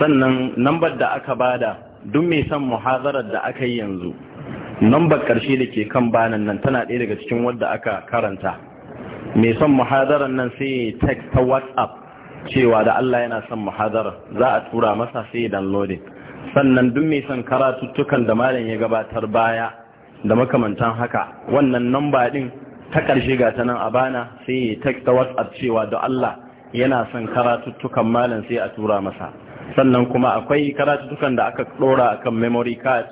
sannan nambar da aka bada duk mai son muhazarar da aka yi yanzu nambar karshe da ke kan banan nan tana ɗaya daga cikin wadda aka karanta mai son muhazarar nan sai ya text ta whatsapp cewa da Allah yana son muhazarar za a tura masa sai downloading sannan duk mai son karatuttukan da malam ya gabatar baya da makamantan haka wannan namba ɗin ta ƙarshe ga ta nan a bana sai ya text ta whatsapp cewa da Allah yana son karatuttukan malam sai a tura masa sannan kuma akwai karatuttukan da aka dora akan memory card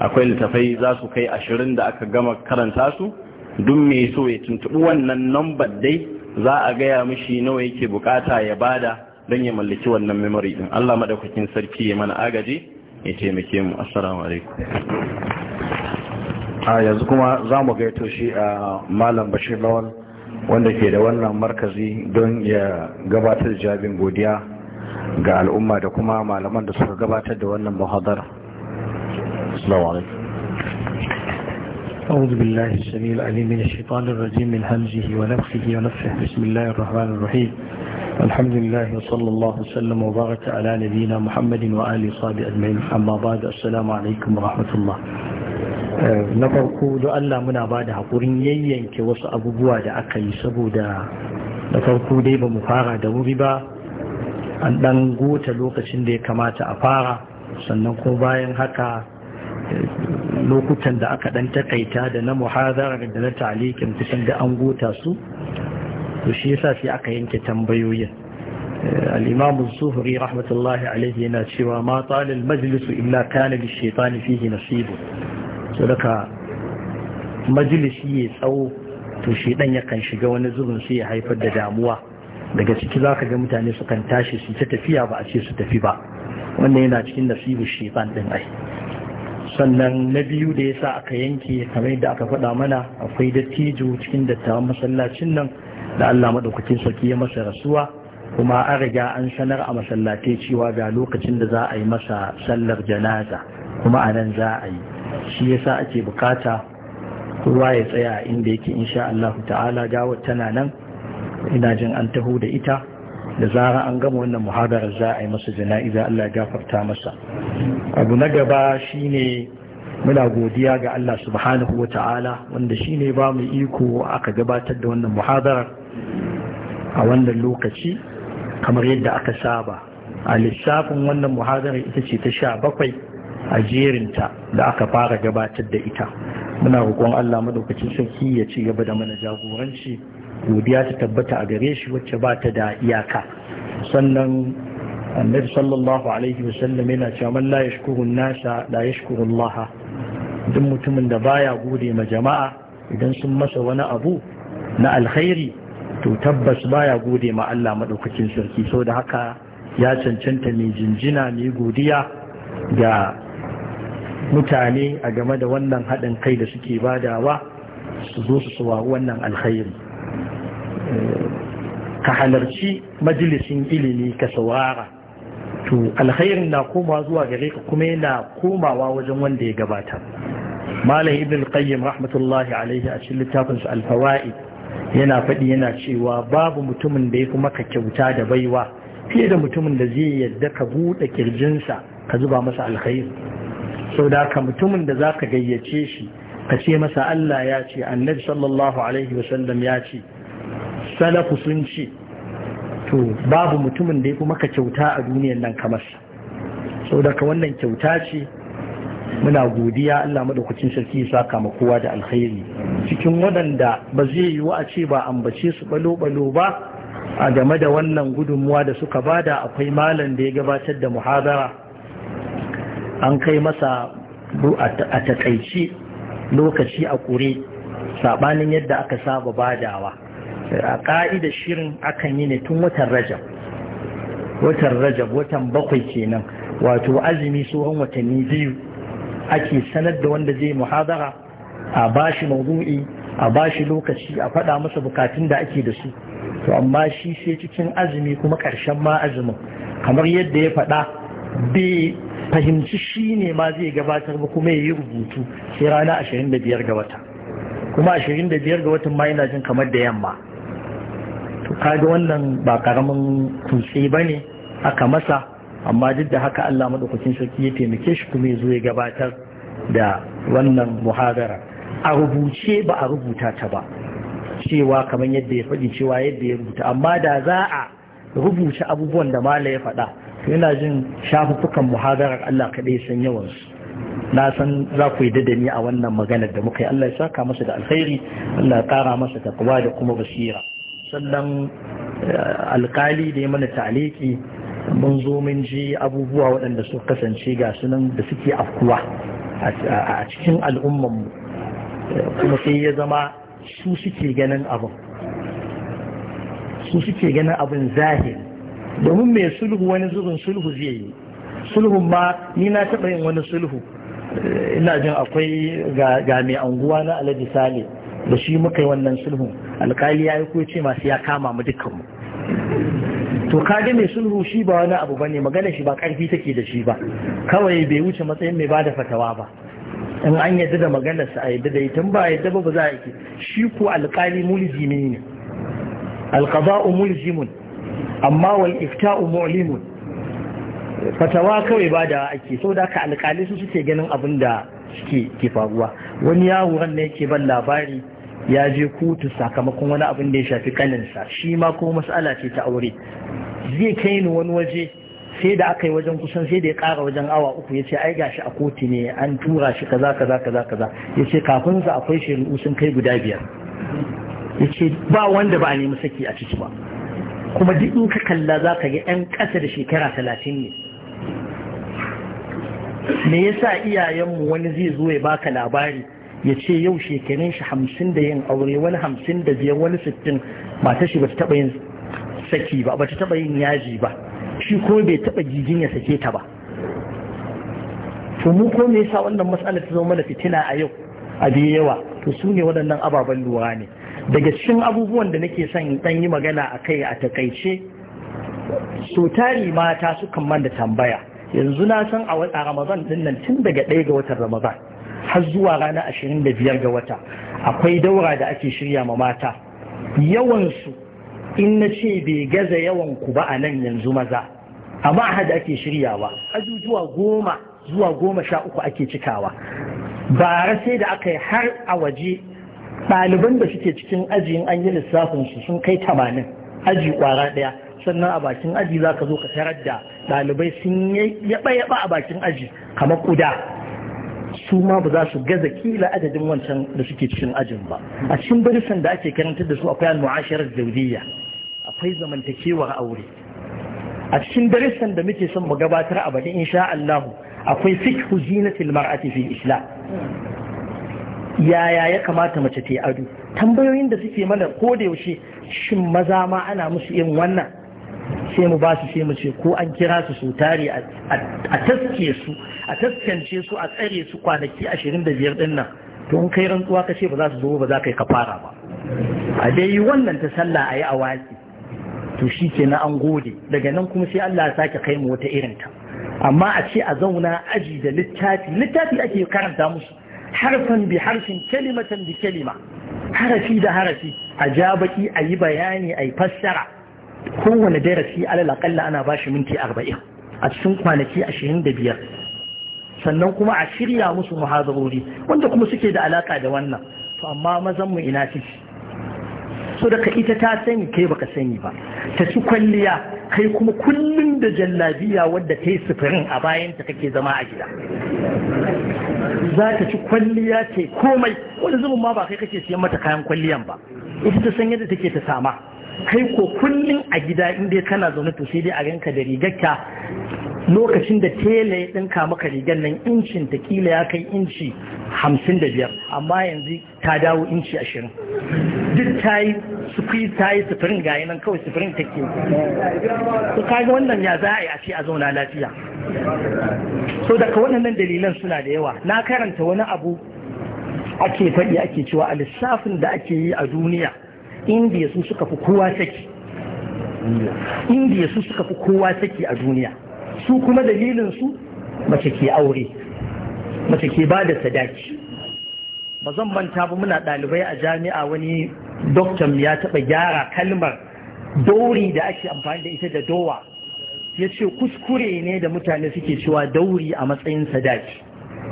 akwai littafai za su kai ashirin da aka gama karanta su duk mai so ya tuntuɓi wannan number dai za a gaya mishi nawa yake bukata ya bada don ya mallaki wannan memory din Allah madaukakin sarki ya mana agaji ya taimake mu assalamu alaikum a yanzu kuma za mu gaito shi a ah, malam bashir lawal wanda ke da wannan markazi don ya gabatar jabin godiya ga al'umma da kuma malaman da suka gabatar da wannan mahadar. Salamu alaikum. A'udhu billahi shari'a al'alim min shaitanir rajim min hamzihi wa nafsihi wa nafsihi bismillahir rahmanir rahim. Alhamdulillahi wa sallallahu sallam wa baraka ala nabiyyina Muhammadin wa ali sabi ajma'in amma ba'd assalamu alaikum wa rahmatullah. na farko don Allah muna ba da haƙurin yayyanke wasu abubuwa da aka yi saboda na farko dai ba mu fara da wuri ba an ɗan gota lokacin da ya kamata a fara sannan ko bayan haka lokutan da aka ɗan takaita da na muhazarar da na talikin kusan da an gota su to shi yasa sai aka yanke tambayoyin الإمام الزهري رحمة الله عليه cewa ما طال المجلس إلا كان للشيطان فيه نصيبه so daga majalisi ya tsawo to shi dan yakan shiga wani zubin su ya haifar da damuwa daga ciki za ka ga mutane su kan tashi su ta tafiya ba a ce su tafi ba wannan yana cikin nasibu ban din ai sannan na biyu da ya sa aka yanke kamar yadda aka faɗa mana akwai dattijo cikin dattawan masallacin nan da allah maɗaukacin sarki ya masa rasuwa kuma an riga an sanar a masallatai cewa ga lokacin da za a yi masa sallar janaza kuma a nan za a yi shi yasa ake bukata kowa ya tsaya inda yake insha Allah ta'ala gawa tana nan ina jin an taho da ita da zara an gama wannan muhadarar za a yi masa jana'iza Allah ya gafarta masa abu na gaba shine muna godiya ga Allah subhanahu wa ta'ala wanda shine ba mu iko aka gabatar da wannan muhadarar a wannan lokaci kamar yadda aka saba a lissafin wannan muhadarar ita ce ta sha bakwai a jerinta da aka fara gabatar da ita muna roƙon Allah madaukakin sarki ya ci gaba da mana jagoranci godiya ta tabbata a gare shi wacce ba ta da iyaka sannan annabi sallallahu alaihi wasallam yana cewa man la yashkuru nasa la yashkuru Allah duk mutumin da baya gode ma jama'a idan sun masa wani abu na alkhairi to tabbas baya gode ma Allah madaukakin sarki saboda haka ya cancanta mai jinjina mai godiya ga. mutane a game da wannan haɗin kai da suke badawa su zo su suwa wannan alkhairi eh, ka halarci majalisin ilimi ka saurara to alkhairin na koma zuwa gare ka kuma yana komawa wajen wanda ya gabata malam ibn qayyim rahmatullahi alaihi a cikin littafin sa alfawaid yana faɗi yana cewa babu mutumin da ya fi maka kyauta da baiwa fiye da mutumin da zai yadda ka buɗe kirjinsa ka zuba masa alkhairi sau da ka mutumin da za ka gayyace shi ka ce masa Allah ya ce annabi sallallahu alaihi wasallam ya ce salafu sun ce to babu mutumin da ya fi maka kyauta a duniyar nan kamar sau da ka wannan kyauta ce muna godiya Allah madaukakin sarki ya saka ma kowa da alkhairi cikin waɗanda ba zai yiwu a ce ba ambace su balo-balo ba a game da wannan gudunmuwa da suka bada akwai malam da ya gabatar da muhadara an kai masa a takaici lokaci a ƙure saɓanin yadda aka saba badawa a ƙa'ida shirin akan yi ne tun watan rajab watan rajab watan bakwai kenan wato azumi tsohon watanni biyu ake sanar da wanda zai muhadara a bashi maudu'i a bashi lokaci a faɗa masa bukatun da ake da su to amma shi sai cikin azumi kuma ƙarshen ma azumin kamar yadda ya faɗa bai fahimci shi ne ma zai gabatar ba kuma ya yi rubutu sai rana 25 ga wata kuma 25 ga watan ma yana jin kamar da yamma to kaga wannan ba karamin kunshi ba ne aka masa amma duk da haka Allah madaukakin sarki ya taimake shi kuma ya zo ya gabatar da wannan muhadara a rubuce ba a rubuta ta ba cewa kamar yadda ya faɗi cewa yadda ya rubuta amma da za a rubuta abubuwan da mala ya faɗa yana jin shafuffukan muhadarar Allah kaɗai san yawansu na san za ku yi dadani a wannan maganar da muka yi Allah ya saka masa da alkhairi Allah ya kara masa takwa da kuma basira sannan eh, alkali da ya mana taliki mun zo mun ji abubuwa waɗanda su kasance ga sunan da suke afkuwa a cikin al'ummanmu eh, kuma sai ya zama su suke ganin abin su suke ganin abin zahiri domin mai sulhu wani zubin sulhu zai yi sulhun ma ni na taɓa yin wani sulhu eh, ina jin akwai ga mai anguwa na alhaji sale da shi muka yi wannan sulhun alkali ya yi ko masu ya kama mu dukkanmu to kage mai sulhu shi ba wani abu bane magana shi ba karfi take da shi ba kawai bai wuce matsayin mai bada fatawa ba in an yadda da maganar sa a yadda da tun ba yadda ba ba za a yi shi ko alkali mulzimi ne alqada'u mulzimun amma wal ifta'u mu'limun fatawa kawai ba da ake so da ka alƙali su suke ganin abin da suke ke faruwa wani ran ne yake ban labari ya je kotu sakamakon wani abin da ya shafi kaninsa shi ma ko mas'ala ce ta aure zai kai ni wani waje sai da aka yi wajen kusan sai da ya kara wajen awa uku ya ce ai gashi a kotu ne an tura shi kaza kaza kaza kaza ya ce kafin sa akwai shari'u sun kai guda biyar ya ce ba wanda ba a nemi saki a ciki ba kuma duk in ka kalla za ka ga 'yan ƙasa da shekara talatin ne me yasa iyayenmu wani zai zo ya baka labari ya ce yau shekarun shi hamsin da yin aure wani hamsin da biyar wani sittin mata shi ba ta taɓa yin saki ba ba ta taɓa yin yaji ba shi ko bai taɓa jijin ya sake ta ba to mu ko me yasa wannan matsalar ta zama mana fitina a yau a yawa to su ne waɗannan ababen lura ne daga cikin abubuwan da nake son dan yi magana a kai a takaice so tari mata sukan kan manda tambaya yanzu na san a ramadan din nan tun daga ɗaya ga watan ramadan har zuwa rana ashirin da biyar ga wata akwai daura da ake shirya ma mata yawansu in na ce bai gaza yawan ku ba a nan yanzu maza amma a hada ake shiryawa ajujuwa goma zuwa goma sha uku ake cikawa bara sai da aka yi har a waje ɗaliban da suke cikin aji an yi lissafin su sun kai tamanin aji kwara ɗaya sannan a bakin aji za ka zo ka tarar da ɗalibai sun yaba yaba a bakin aji kamar kuda su ma ba za su gaza kila adadin wancan da suke cikin ajin ba a cikin barisan da ake karantar da su akwai al-mu'asharar zawdiyya akwai zamantakewar aure a cikin darussan da muke son mu gabatar a bani insha Allah akwai fiqh zinatil mar'ati fi islam yaya ya kamata mace ta yi ado tambayoyin da suke mana ko da yaushe shin maza ma ana musu yin wannan sai mu ba su sai mu ce ko an kira su su tare a taske su a taskance su a tsare su kwanaki 25 din nan to in kai rantsuwa ka ce ba za su zo ba za ka yi kafara ba a dai wannan ta sallah a yi a watsi to shi ke na an gode daga nan kuma sai Allah ya sake kai mu wata irin ta amma a ce a zauna aji da littafi littafi ake karanta musu harfan bi harfin kalimatan bi kalima harafi da harafi a ja baki a yi bayani a yi fassara kowane darasi alal akalla ana bashi minti arba'in a cikin kwanaki ashirin da biyar sannan kuma a shirya musu muhazarori wanda kuma suke da alaka da wannan to amma mazan mu ina ciki so daga ita ta sani kai baka sani ba ta ci kwalliya kai kuma kullum da jallabiya wadda ta yi sufurin a bayan ta kake zama a gida za ta ci kwalliya ce komai wani zubin ma ba kai kake siyan mata kayan kwalliyan ba ita ta san yadda take ta sama kai ko kullum a gida inda kana zaune to sai dai a ganka da rigarka lokacin da tele ɗin kama maka nan incin ta kila ya kai inci hamsin amma yanzu ta dawo inci ashirin duk ta yi sufi ta yi sufirin gayi nan kawai sufirin ta ke su kaga wannan ya za a yi a ce a zauna lafiya so daga waɗannan dalilan suna da yawa na karanta wani abu ake faɗi ake cewa a lissafin da ake yi a duniya indiya sun suka fi kowa saki indiya su suka fi kowa saki a duniya su kuma dalilin su mace ke aure mace ke ba da sadaki ba zan manta ba muna ɗalibai a jami'a wani doktan ya taɓa gyara kalmar dauri da ake amfani da ita da dowa ya ce kuskure ne da mutane suke cewa dauri a matsayin sadaki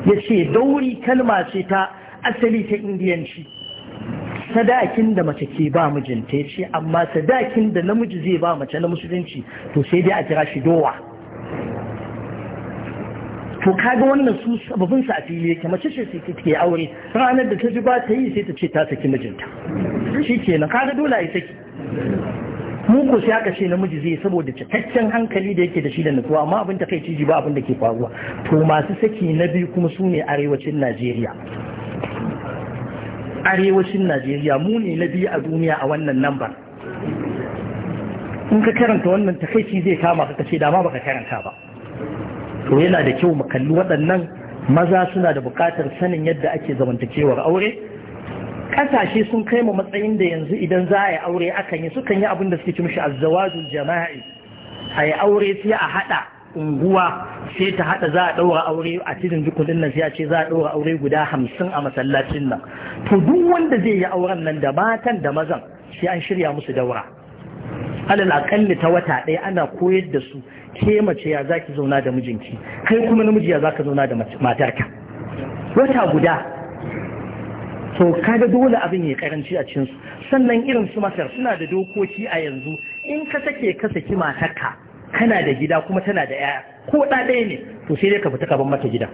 ya ce dauri kalma ce ta asali ta indiyanci sadakin da mace ke ba mijinta ya ce amma sadakin da namiji zai ba mace na musulunci to sai dai a kira shi dowa to kaga wannan su sababin sa a fili yake mace ce sai take aure ranar da ta ji ba ta yi sai ta ce ta saki mijinta shi kenan kaga dole a yi saki mu ko sai aka ce namiji zai saboda cikakken hankali da yake da shi da nutsuwa amma abin takaici ji ba abin da ke faruwa to masu saki na biyu kuma su ne arewacin Najeriya arewacin Najeriya mu ne na biyu a duniya a wannan lambar in ka karanta wannan takaici zai kama ka ce dama baka karanta ba to yana da kyau mu kalli waɗannan maza suna da buƙatar sanin yadda ake zamantakewar aure ƙasashe sun kai mu matsayin da yanzu idan za a yi aure akan yi sukan yi abin da suke ci shi azzawajul jama'i a yi aure sai a haɗa unguwa sai ta haɗa za a ɗaura aure a cikin jikunin nan sai a ce za a ɗaura aure guda hamsin a masallacin nan to duk wanda zai yi auren nan da matan da mazan sai an shirya musu daura alal akalli ta wata ɗaya ana koyar da su ke mace ya zaki zauna da mijinki kai kuma namiji ya zaka zauna da matarka wata guda to da dole abin ya karanci a cin su sannan irin su masar suna da dokoki a yanzu in ka sake ka saki matarka kana da gida kuma tana da yaya ko ɗa ɗaya ne to sai dai ka fita kaban mata gida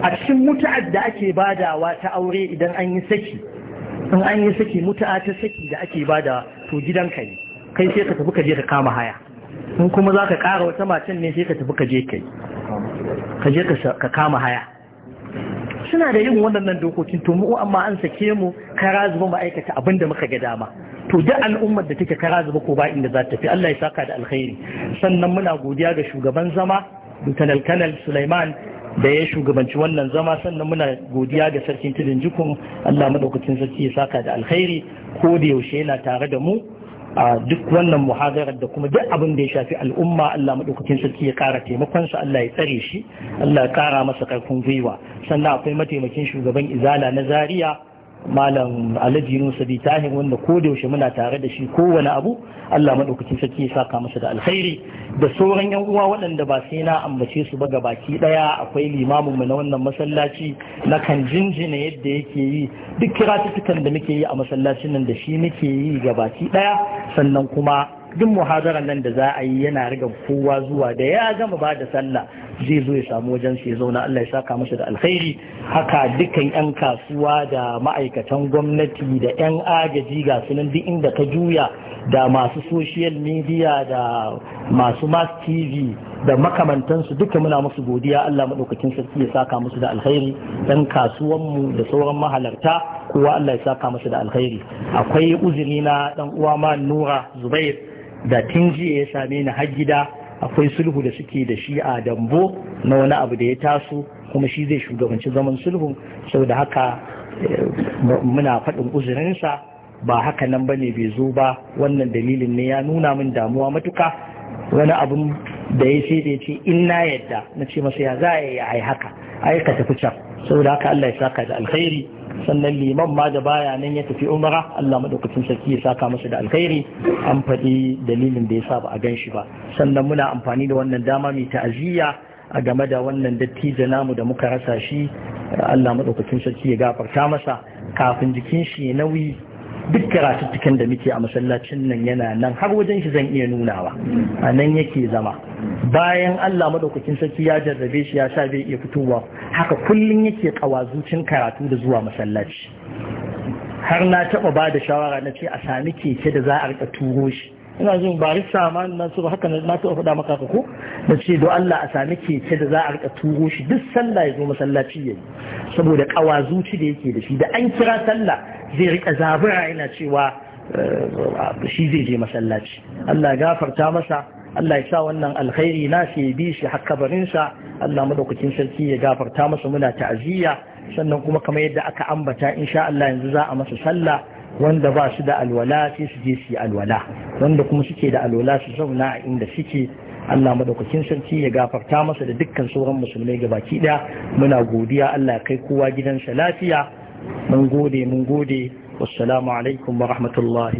a cikin mutu'ad da ake badawa ta aure idan an yi saki in an yi saki mutu'a ta saki da ake bada to gidanka ne kai sai ka tafi ka je ka kama haya in kuma za ka ƙara wata matan ne sai ka tafi ka je kai ka je ka kama haya suna da yin waɗannan dokokin to mu amma an sake mu kara zuba ma'aikata abin da muka ga dama to duk al'ummar da take kara zuba ko ba inda za ta tafi, Allah ya saka da alkhairi sannan muna godiya ga shugaban zama Lieutenant Colonel Sulaiman da ya shugabanci wannan zama sannan muna godiya ga sarkin tudun jikun Allah madaukakin sarki ya saka da alkhairi ko da yaushe yana tare da mu a duk wannan muhadarar da kuma duk abin da ya shafi al'umma Allah madaukakin sarki ya kara taimakon sa Allah ya tsare shi Allah ya kara masa karfin gwiwa sannan akwai mataimakin shugaban izala na Zariya. malam alhaji yunus bi tahir wanda ko da yaushe muna tare da shi kowane abu Allah madaukakin sarki ya saka masa da alkhairi da sauran yan uwa waɗanda ba sai na ambace su ba gabaki daya akwai limamin mu na wannan masallaci na kan jinjina yadda yake yi duk kiratutukan da muke yi a masallacin nan da shi muke yi gabaki daya sannan kuma duk muhadarar nan da za a yi yana riga kowa zuwa da ya gama ba da sallah zai zo ya samu wajen su ya zauna Allah ya saka masa da alkhairi haka dukkan yan kasuwa da ma'aikatan gwamnati da yan agaji ga sunan duk inda ka juya da masu social media da masu mass tv da makamantansu duka muna musu godiya Allah daukakin sarki ya saka musu da alkhairi dan kasuwanmu da sauran mahalarta kowa Allah ya saka musu da alkhairi akwai uzuri na dan uwa ma Nura Zubair da tun jiya ya same ni har gida akwai sulhu da suke da shi a dambo na wani abu da ya taso kuma shi zai shugabanci zaman sulhu saboda haka eh, muna faɗin uzurinsa ba haka nan ba ne bai zo ba wannan dalilin ne ya nuna min damuwa matuka wani abin da ya ce da ya ce in na yadda na ce masa ya za a yi ai haka yi ka tafi can saboda haka Allah ya saka da alkhairi sannan liman ma da baya nan ya tafi umara Allah madaukakin sarki ya saka masa da alkhairi an faɗi dalilin da ya sa ba a gan shi ba sannan muna amfani da wannan dama mai ta'aziyya a game da wannan dattijo namu da muka rasa shi Allah madaukakin sarki ya gafarta masa kafin jikin shi ya nauyi duk karatuttukan da muke a masallacin nan yana nan har wajen shi zan iya nunawa a nan yake zama bayan Allah madaukakin sarki ya jarrabe shi ya sa bai iya fitowa haka kullun yake kawazucin karatu da zuwa masallaci har na taba ba da shawara na ce a sami keke da za a rika turo shi ina jin barista ma na su haka na ta faɗa maka ko da ce do Allah a sami keke da za a rika turo shi duk sallah ya zo masallaci ya yi saboda kawa zuci da yake da shi da an kira sallah zai rika zabura ina cewa eh, shi zai je masallaci Allah gafarta masa Allah ya sa wannan alkhairi na shi bi shi barinsa Allah madaukakin sarki ya gafarta masa muna ta'aziyya sannan kuma kamar yadda aka ambata insha Allah yanzu za a masa sallah wanda ba su da alwala sai su je su yi alwala wanda kuma suke da alwala su zauna a inda suke Allah madaukakin sarki ya gafarta masa da dukkan sauran musulmai gabaki daya muna godiya Allah ya kai kowa gidansa lafiya mun gode mun gode wassalamu alaikum wa rahmatullahi